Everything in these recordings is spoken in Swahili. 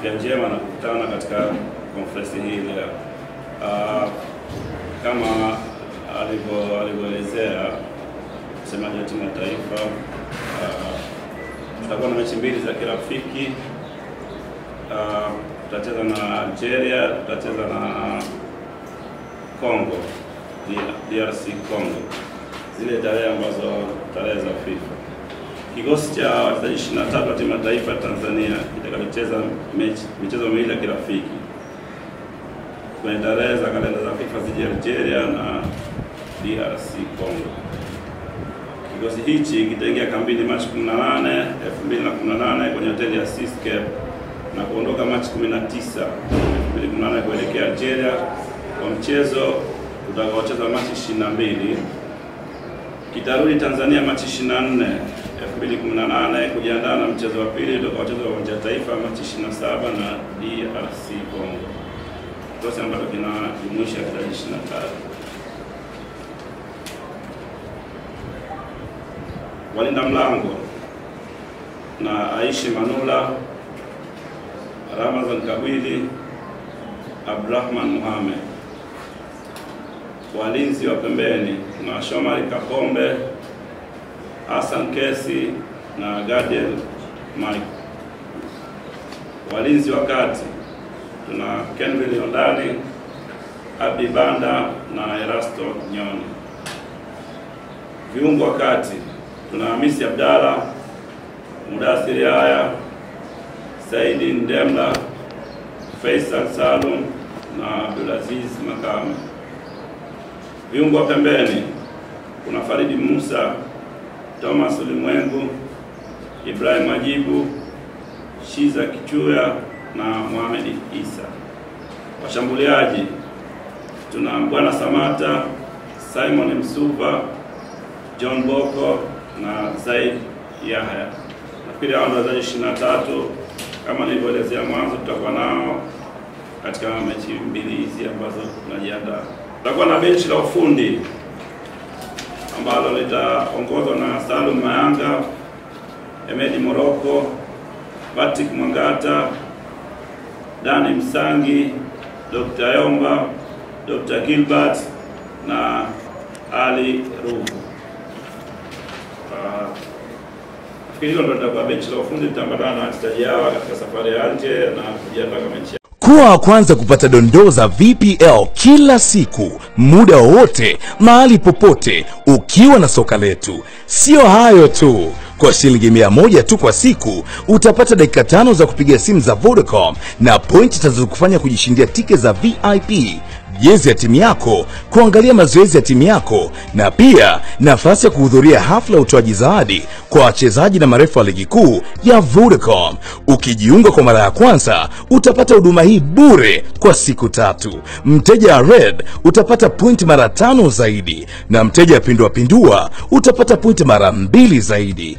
afya njema na kukutana katika conference hii leo. Uh, kama alivyoelezea msemaji wa timu ya taifa uh, tutakuwa na mechi mbili za kirafiki uh, tutacheza na Algeria, tutacheza na Congo DRC Congo, zile tarehe ambazo tarehe za FIFA. Kikosi cha wachezaji 23 wa timu ya taifa Tanzania kitakacheza mechi michezo miwili ya kirafiki kwenye tarehe za kalenda za FIFA ziji Algeria na DRC Congo. Kikosi hichi kitaingia kambini Machi 18 2018 kwenye hoteli ya Seascape na kuondoka Machi 19 2018 kuelekea Algeria kwa mchezo utakaocheza Machi 22. Kitarudi Tanzania Machi 24 2018 kujiandaa na mchezo wa pili toka wacheza wa uwanja Taifa Machi 27 na DRC Congo, kikosi ambacho kinajumuisha wachezaji 23. Walinda mlango na Aishi Manula, Ramazan Kabwili, Abdurahman muhamed Walinzi wa pembeni na Shomari Kapombe Hassan Kesi na Gadiel Mike. Walinzi wa kati tuna Kenville ondani Abdi Banda na Erasto Nyoni. Viungo wa kati tuna Hamisi Abdalla, Mudasiri Haya, Saidi Ndemla, Faisal Salum na Abdulaziz Makame. Viungo wa pembeni kuna Faridi Musa Thomas Ulimwengu, Ibrahim Majibu, Shiza Kichuya na Mohamed Isa. Washambuliaji tuna Bwana Samata, Simon Msuva, John Boko na Zaid Yahya. Nafikiri hao ndio wachezaji ishirini na tatu kama nilivyoelezea mwanzo, tutakuwa nao katika mechi mbili hizi ambazo tunajiandaa. Tutakuwa na benchi la ufundi ambalo litaongozwa na Salum Mayanga, Emedi Moroko, Patrick Mwangata, Dani Msangi, Dr. Yomba, Dr. Gilbert na Ali Ruhu. Ah, nafikiri hilo ndio litakuwa benchi la ufundi, litaambatana na wachezaji hawa katika safari ya nje na kujiandaa kama kuwa wa kwanza kupata dondoo za VPL kila siku, muda wowote, mahali popote, ukiwa na soka letu. Sio hayo tu kwa shilingi mia moja tu kwa siku utapata dakika tano za kupiga simu za Vodacom na pointi zitazokufanya kujishindia tiketi za VIP jezi ya timu yako, kuangalia mazoezi ya timu yako na pia nafasi ya kuhudhuria hafla ya utoaji zawadi kwa wachezaji na marefu wa ligi kuu ya Vodacom. Ukijiunga kwa mara ya kwanza, utapata huduma hii bure kwa siku tatu. Mteja wa Red utapata point mara tano zaidi, na mteja wa Pindua Pindua utapata point mara mbili zaidi.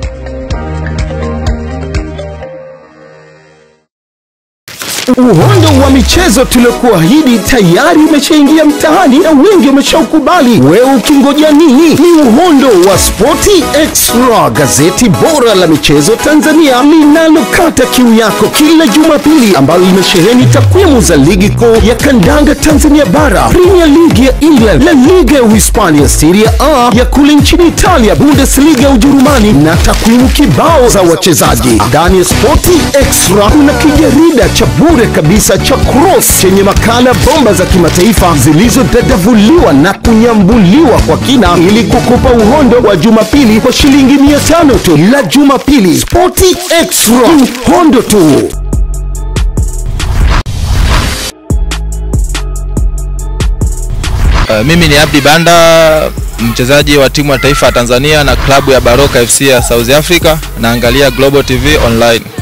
Uhondo wa michezo tuliokuahidi tayari umeshaingia mtaani na wengi wameshaukubali. Wewe ukingoja nini? Ni uhondo wa Sporti Extra, gazeti bora la michezo Tanzania linalokata kiu yako kila Jumapili, ambalo limesheheni takwimu za ligi kuu ya kandanga Tanzania Bara, Premier League ya England, La Liga ya Uhispania, Serie A ya kule nchini Italia, Bundesliga ya Ujerumani na takwimu kibao za wachezaji. Ndani ya Sporti Extra kuna kijarida cha bure kabisa cha Cross chenye makala bomba za kimataifa zilizodadavuliwa na kunyambuliwa kwa kina ili kukupa uhondo wa Jumapili kwa shilingi 500 tu. La Jumapili spoti Extra, uhondo tu. Uh, mimi ni Abdi Banda mchezaji wa timu ya taifa ya Tanzania na klabu ya Baroka FC ya South Africa. Naangalia Global TV Online.